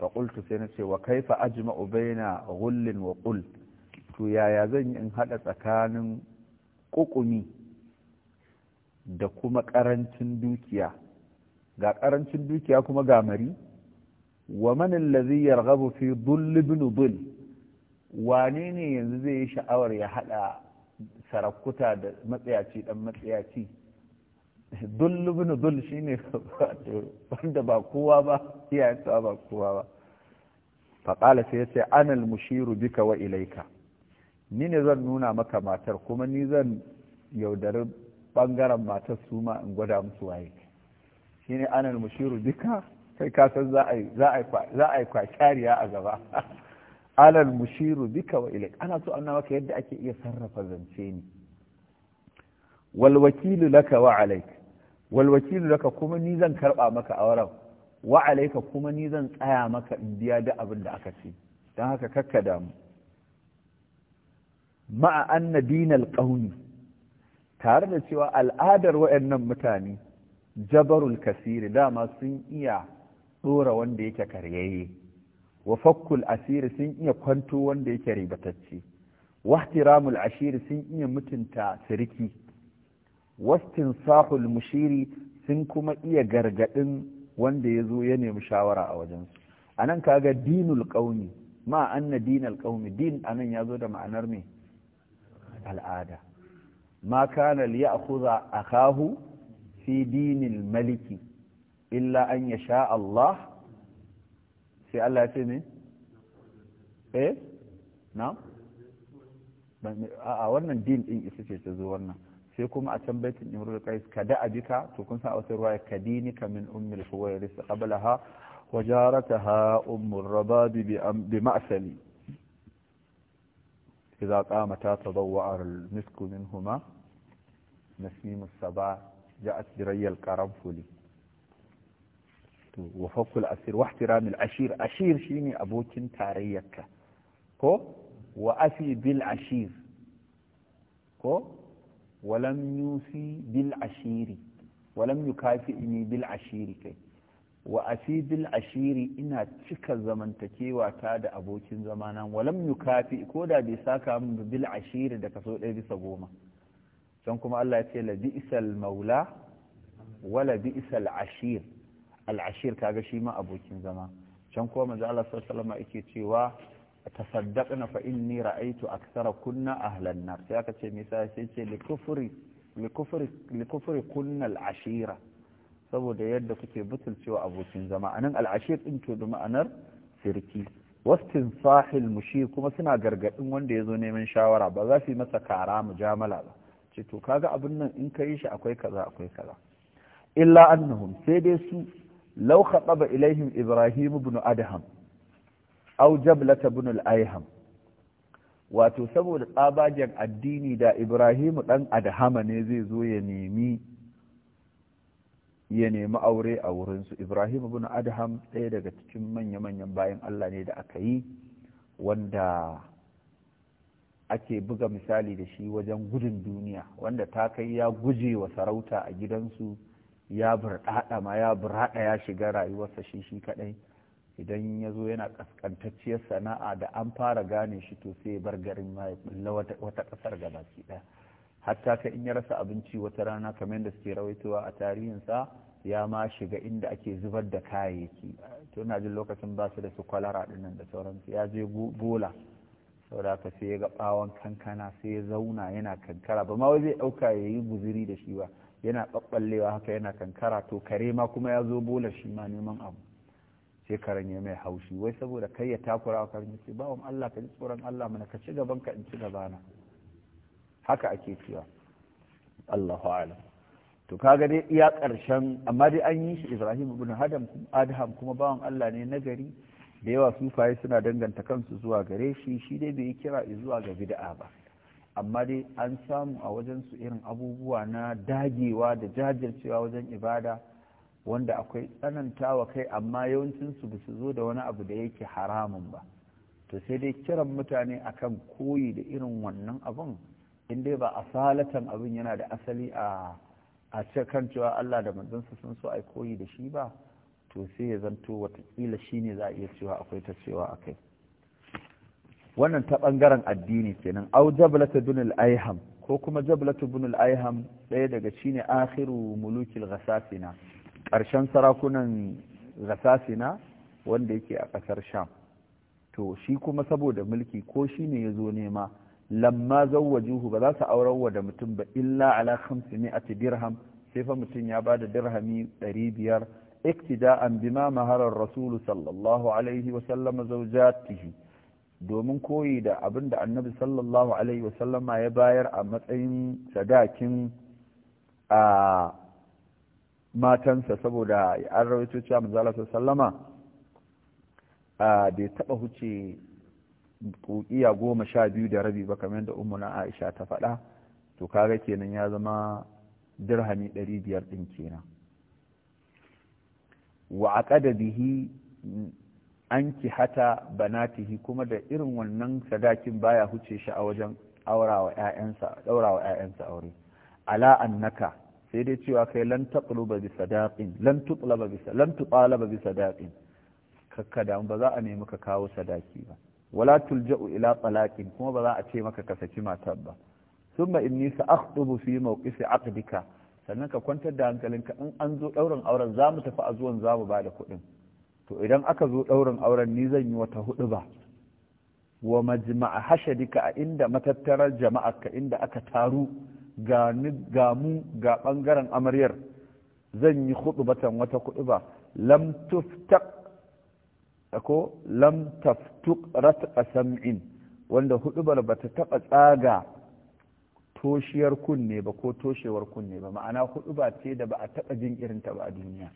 faƙultu sai na ce wa kaifa ajma'u baina ghullin wa qul to yaya zan yi in haɗa tsakanin ƙuƙumi da kuma ƙarancin dukiya ga ƙarancin dukiya kuma ga mari wa man allazi yarghabu fi dhull wane ne yanzu zai yi sha'awar ya haɗa sarakuta da matsayaci ɗan matsayaci dullubin dul shi ne wanda ba kowa ba iyayensa ba kowa ba faƙala sai ya ce anal mushiru bika wa ilaika ni ne zan nuna maka matar kuma ni zan yaudari ɓangaren matar su ma in gwada musu waye shi ne anal mushiru bika kai kasan za a yi kwashariya a gaba alal mushiru bika wa ilaika ana so an maka yadda ake iya sarrafa zance ni wal wakilu laka wa alaika walwakilu wakilu laka kuma ni zan karba maka auren wa alayka kuma ni zan tsaya maka in biya da abin da aka ce dan haka kakka damu ma'a anna dinal ƙauni. tare da cewa al'adar waɗannan mutane jabarul kasiri dama sun iya dora wanda yake karyayye wa fakkul asiri sun iya kwanto wanda yake ribatacce wahtiramul ashiri sun iya mutunta siriki wastin sahul mushiri sun kuma iya gargadin wanda yazo ya nemi shawara a wajensu a nan kaga dinul ƙauni ma anna dinul ƙauni din a nan ya zo da ma'anar me al'ada ma kana liya a kahu fi dinil maliki illa an ya sha Allah sai Allah ce ne eh na a wannan din din isa ce ta zo wannan sai kuma a can baitin imrul qais ka da abika to kun san a wata ruwaya ka min ummi al-huwayris qablaha wa jarataha ummur rabab bi ma'sali idza qama ta tadawwa al-misku minhuma نسيم al-asir wa ihtiram al-ashir ashir shini abokin شيني ko wa afi bil ashir ko walam yusi bil ashiri walam bil ashiri kai wa asi ina cika zamantakewa ta da abokin zamana walam yukafi ko da bai saka min bil ashiri da kaso ɗaya bisa goma can kuma Allah ya ce la bi'sal maula wala bi'sal ashir al ashir kaga shi ma abokin zama can kuma manzo Allah sallallahu alaihi wasallam yake cewa tasaddaqna fa inni ra'aytu akthara kunna ahlan nar sai aka ce misa sai ce kufri li kufri kunna ashira saboda yadda kuke butulcewa abokin zama anan al'ashir din to da ma'anar sirki wastin sahil mushi kuma suna gargadin wanda ya zo neman shawara ba za su yi masa kara mujamala ba ce to kaga abin nan in kai shi akwai kaza akwai kaza illa annahum sai dai su law khataba ilaihim ibrahim ibn adham au jablata ibn al-ayham wato saboda tsabagen addini da ibrahim dan adhama ne zai zo ya nemi ya nemi aure a wurinsu ibrahim ibn adham ɗaya daga cikin manya-manyan bayan allah ne da aka yi wanda ake buga misali da shi wajen gudun duniya wanda ta kai ya guje wa sarauta a gidansu ya burɗaɗa ma ya burɗa ya shiga rayuwarsa shi shi kaɗai idan ya zo yana kaskantacciyar sana'a da an fara gane shi to sai bar garin ma ya bulla wata kasar gabaki ɗaya hatta ka in ya rasa abinci wata rana kamar da suke rawaitowa a tarihinsa ya ma shiga inda ake zubar da kayayyaki to na jin lokacin ba su da su kwalara dinnan da sauransu ya je bola saboda haka sai ya ga bawon kankana sai ya zauna yana kankara ba ma wai zai dauka ya yi guziri da shi ba yana ɓaɓɓallewa haka yana kankara to kare ma kuma ya zo bolar shi ma neman abu shekaran ya mai haushi wai saboda kai ya takura a karen ce ba Allah ka ji tsoron Allah mana ka ci gaban ka in ci gabana haka ake cewa Allahu alam to kaga dai iya karshen amma dai an yi shi Ibrahim ibn Adam Adham kuma bawan Allah ne nagari da yawa sufaye suna danganta kansu zuwa gare shi shi dai bai kira zuwa ga bid'a ba amma dai an samu a wajen su irin abubuwa na dagewa da jajircewa wajen ibada wanda akwai tsanantawa kai amma yawancinsu ba su zo da wani abu da yake haramun ba to sai dai kiran mutane akan koyi da irin wannan abun in dai ba a salatan abin yana da asali a a kan cewa Allah da manzansa sun so ai koyi da shi ba to sai ya zanto watakila shi ne za a iya cewa akwai ta cewa a kai wannan ta ɓangaren addini kenan au jablata dunul aiham ko kuma jablatu bunul aiham ɗaya daga shine akhiru mulukil ghasasina ƙarshen sarakunan rasasina wanda yake a ƙasar sham to shi kuma saboda mulki ko shi ne ya zo nema lamma zawwajuhu ba za su aurarwa da mutum ba illa ala khamsi mi'ati dirham sai fa mutum ya ba da dirhami ɗari biyar iktida'an bima maharar rasulu sallallahu alaihi wa sallama zawjatihi domin koyi da abin da annabi sallallahu alaihi wa sallam ya bayar a matsayin sadakin a matansa saboda an rawaito cewa manzala sallama bai taba huce kukiya goma sha biyu da rabi ba kamar da ummu aisha ta faɗa to kaga kenan ya zama dirhami ɗari biyar ɗin kenan wa aqada bihi an hata banatihi kuma da irin wannan sadakin baya huce shi a wajen ɗaurawa 'ya'yansa aure ala annaka sai dai cewa kai lan taqluba bi sadaqin lan bi lan bi sadaqin kakka da ba za a nemi ka kawo sadaki ba wala tulja'u ila talaqin kuma ba za a ce maka ka saki matar ba thumma inni sa'khtubu fi mawqifi 'aqdika sannan ka kwantar da hankalinka in an zo ɗaurin auren za mu tafi a zuwan za mu bada kuɗin to idan aka zo ɗaurin auren ni zan yi wata hudu ba wa majma'a hashadika a inda matattarar jama'arka inda aka taru ga mu ga ɓangaren amaryar zan yi batan wata khutba lam tuftaq rat sam'in wanda ba ta taɓa tsaga toshiyar kunne ba ko toshewar kunne ba ma'ana huɗuba ce da ba a taɓa jin irinta ba a duniya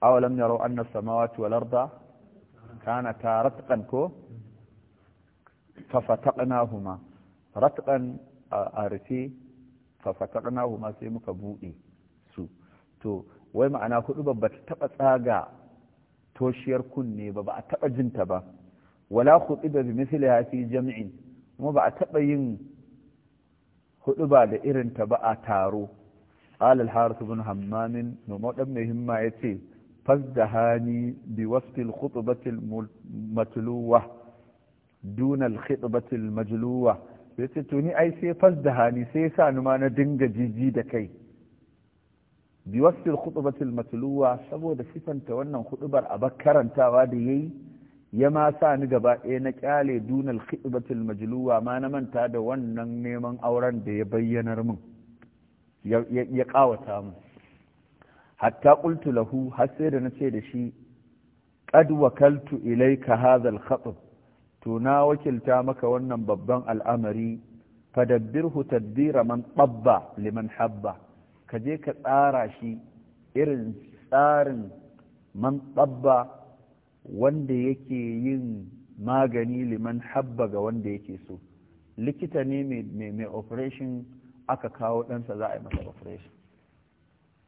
awalam yaro anna samawati wal arda kana ko ratqan a rufe fafatarna huma sai muka buɗe su to wai ma'ana hudu ba ta taɓa tsaga toshiyar kunne ba ba a taɓa jinta ba wala hudu da misali fi jami'in kuma ba a taɓa yin hudu ba da irinta ba a taro قال الحارث بن همام نموت ابن همة يتي فازدهاني بوصف الخطبة المتلوة دون الخطبة المجلوة sai ce to ni ai sai fas da hani sai ya sa ni na dinga jiji da kai bi wasil khutbatil matluwa saboda sifanta wannan khutbar a karantawa da yayi ya ma sa ni gaba ɗaya na kyale dunal khutbatil majluwa ma na manta da wannan neman auren da ya bayyanar min ya kawata mu hatta qultu lahu har sai da nace da shi qad wakaltu ilayka hadha al khatab to na wakilta maka wannan babban al'amari fadabbirhu tadbira man ɓabba liman habba ka je ka tsara shi irin tsarin man ɓabba wanda yake yin magani liman habba ga wanda yake so likita ne mai operation aka kawo ɗansa za a yi masa operation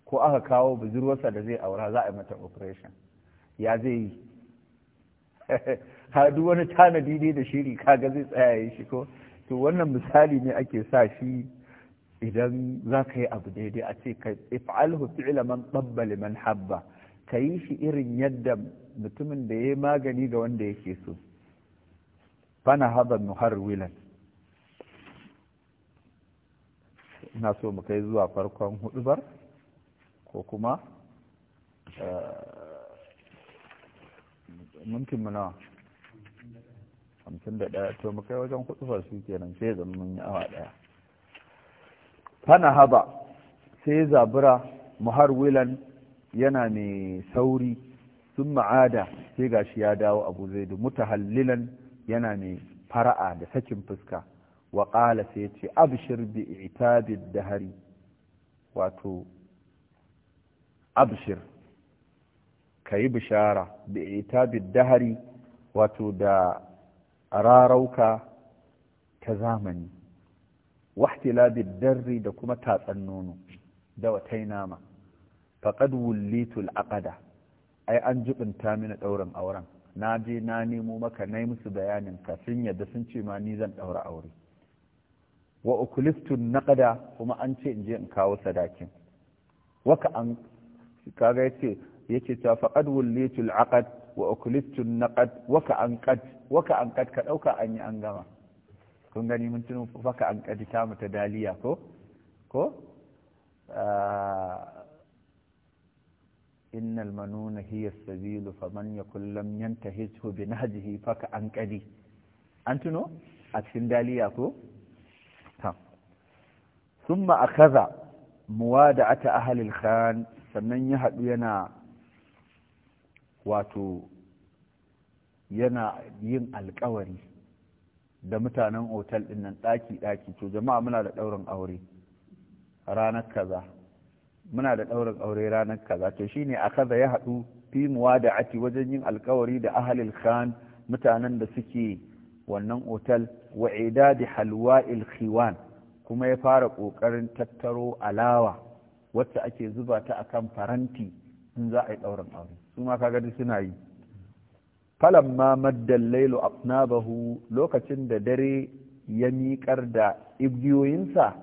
ko aka kawo budurwarsa da zai aura za a yi mata operation ya zai yi hadu wani tanadi ne da shiri kaga zai tsaya ya shi ko to wannan misali ne ake sa shi idan za ka yi abu daidai a ce ka if'alhu fi'la man dabba liman habba ka yi shi irin yadda mutumin da ya yi magani ga wanda yake so fana haba muharwilan ina so mu kai zuwa farkon huɗubar ko kuma eh, mun mu hamsin da ɗaya to mu kai wajen hudu fasu kenan sai zama mun awa ɗaya fana haba sai zabura muharwilan yana mai sauri sun ma'ada sai ga shi ya dawo abu zaidu mutahallilan yana mai fara'a da sakin fuska wa ƙala sai ya ce abishir bi da hari, wato abishir ka yi bishara bi da hari, wato da rarauka ta zamani wahtila darri da kuma tatsan nono da watai nama Faƙad wullitul aqada ai an jibinta mini ɗaurin auren na je na nemo maka na yi musu bayanin kafin yadda sun ce ma ni zan ɗaura aure wa ukulistun naƙada kuma an ce in je in kawo sadakin waka an kaga yace yace ta "Faƙad wullitul aqad wa ukulitun naqad waka an qad waka an qad ka ɗauka, an yi an gama kun gani mun tuno faka an qad ta mata daliya ko ko ah, innal manuna hiya as-sabil faman yakul lam yantahihu bi nahjihi faka an qadi an tuno a cikin daliya ko ثم أخذ ata أهل الخان sannan ya haɗu yana wato yana yin alkawari da mutanen otal dinnan nan daki ɗaki to jama'a muna da ɗaurin aure ranar kaza muna da ɗaurin aure ranar kaza to shine a kaza ya haɗu fi da ati wajen yin alkawari da ahalil khan mutanen da suke wannan otal wa idadi halwa khiwan kuma ya fara ƙoƙarin tattaro alawa wacce ake zuba ta akan faranti in za a yi ɗaurin aure su ma ka gani suna yi ma maddan lailu afnabahu lokacin da dare ya miƙar da igiyoyinsa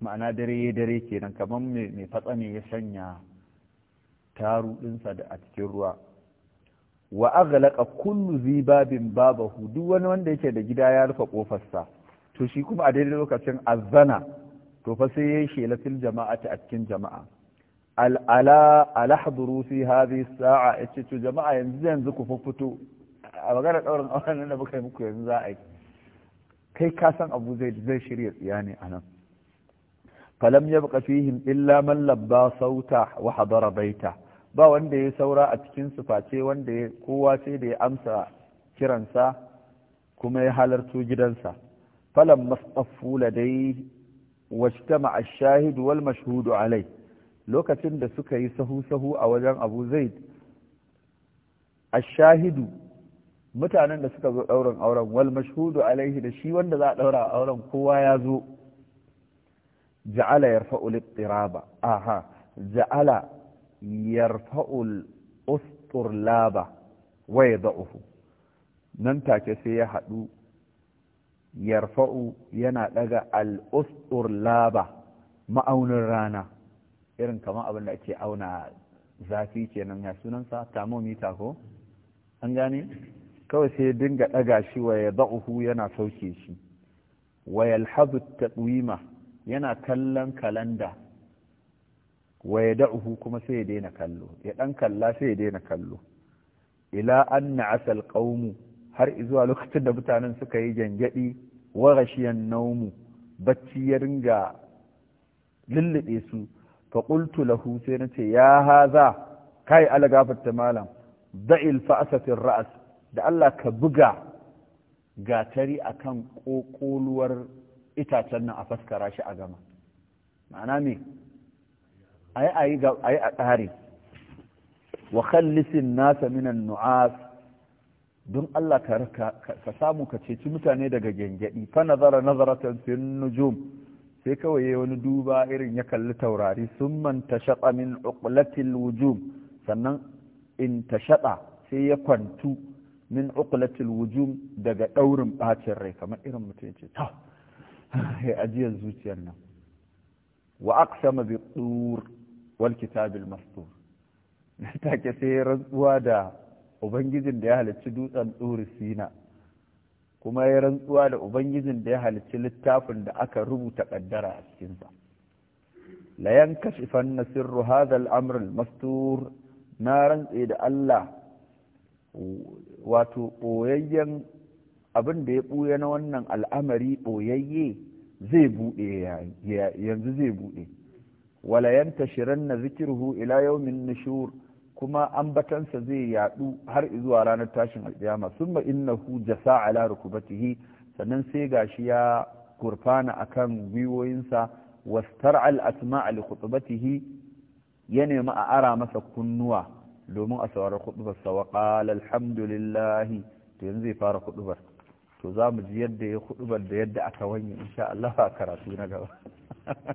ma'ana dare ya dare kenan kamar mai ne ya shanya taru ɗinsa da a cikin ruwa wa aghlaqa kullu zibabin babahu duk wani wanda yake da gida ya rufe kofarsa to shi kuma a daidai lokacin azana to fa sai yayi shela jama'a ta a cikin jama'a al'ala alahduru fi hadhihi sa'a yace to jama'a yanzu yanzu ku fito a magana daurin auren nan da muka yi muku yanzu za a yi kai ka san abu zai zai shirya tsiyani anan falam yabqa fihim illa man labba sauta wa hadara baita ba wanda ya saura a cikin su face wanda ya kowa sai da ya amsa kiransa kuma ya halarto gidansa falam mastaffu ladai wajtama ash-shahid wal mashhud alayhi lokacin da suka yi sahu-sahu a wajen abu zaid ashahidu mutanen da suka zo ɗaurin auren wal mashhudu alaihi da shi wanda za a ɗaura auren kowa ya zo ja'ala yarfa'u littiraba aha ja'ala yarfa'u usturlaba wa yad'uhu nan take sai ya haɗu yarfa'u yana ɗaga al usturlaba ma'aunin rana irin kamar abin da ake auna zafi kenan ya sunansa thermometer ko an gane kawai sai dinga ɗaga shi wa ya ba'uhu yana sauke shi wa yalhadu taqwima yana kallon kalanda wa ya da'uhu kuma sai ya daina kallo ya ɗan kalla sai ya daina kallo ila anna asal qaumu har zuwa lokacin da mutanen suka yi gyangyaɗi wa rashiyan naumu bacci ya ringa lullube su fa qultu na ce ya haza kai alagafarta malam da'il fa'asatin ra'as da Allah ka buga gatari akan kokoluwar itacen nan a faskara shi a gama ma'ana me ayi ayi ga ayi a tsari wa nasa minan nu'as don Allah ka samu ka mutane daga gengedi fa nazara nazaratan fin nujum sai kawai ya wani duba irin ya kalli taurari sun man shaɗa min uqlatil wujub sannan in ta shaɗa sai ya kwantu min uqlatil wujub daga ɗaurin ɓacin rai kamar irin mutum ce ta ya ajiyar zuciyar nan wa aqsama bi tur wal kitabil mastur take sai rantsuwa da ubangijin da ya halarci dutsen tsuri sina kuma ya rantsuwa da ubangijin da ya halicci littafin da aka rubuta kaddara a cikinsa layan yankashifan na sirru hadha al mastur na rantse da Allah wato boyayyen abin da ya buya na wannan al'amari boyayye zai bude yanzu zai bude wala yantashiranna zikruhu ila yaumin nishur kuma ambatansa zai yadu har zuwa ranar tashin alƙiyama summa innahu jasa ala rukubatihi sannan sai gashi ya kurfana akan gwiwoyinsa wastar'al asma'a li khutbatihi ya nemi a ara masa kunnuwa domin a saurari khutbar sa wa qala to yanzu zai fara kuɗubar to za mu ji yadda ya khutbar da yadda aka wanye insha Allah a karatu na gaba